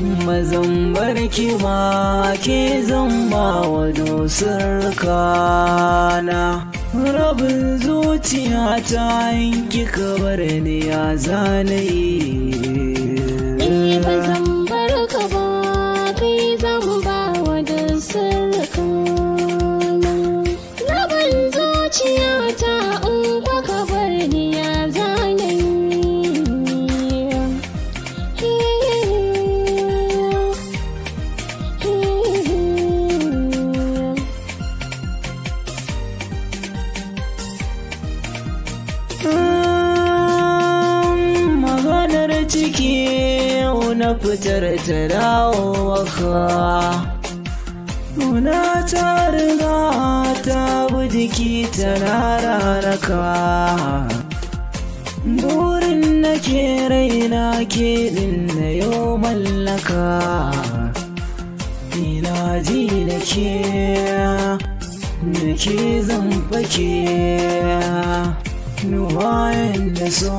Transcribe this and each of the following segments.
mazan barki ke zan ba wa dosar kana rabin zuciya ta yanki kabar ne ya zanayi ni eh, yau na fitar ta dawowa Muna ta riga ta budiki ta rararaka Burin na ke raina ke din na yau mallaka Ina ji da ke da ke zan fake Nuwayen da so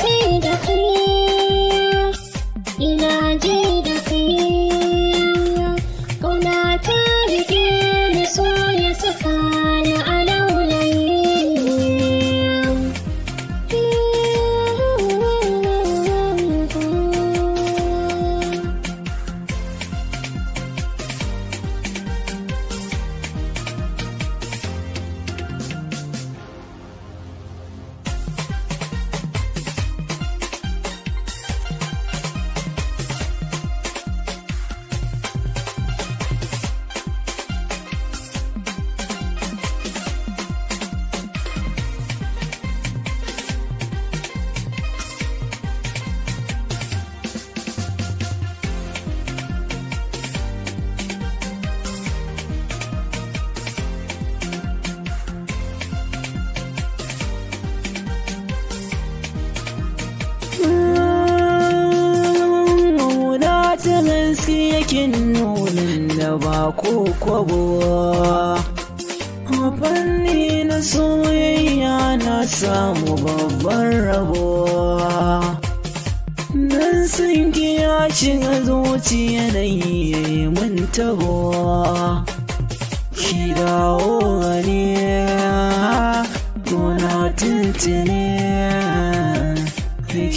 Sing it to You know. su yake nunin da ba ko kwabo fanni na soyayya na samu babban rabuwa nan sun ya shiga zuciya na yi min tabuwa shi dawo gani tuna tuntuni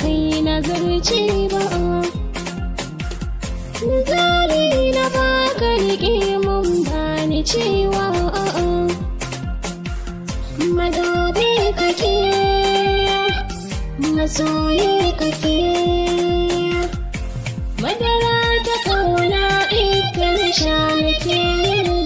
kai na zarce ba zari na baka rike mun bani cewa madobe kake masoyi kake madara ta kauna ita na sha nake yin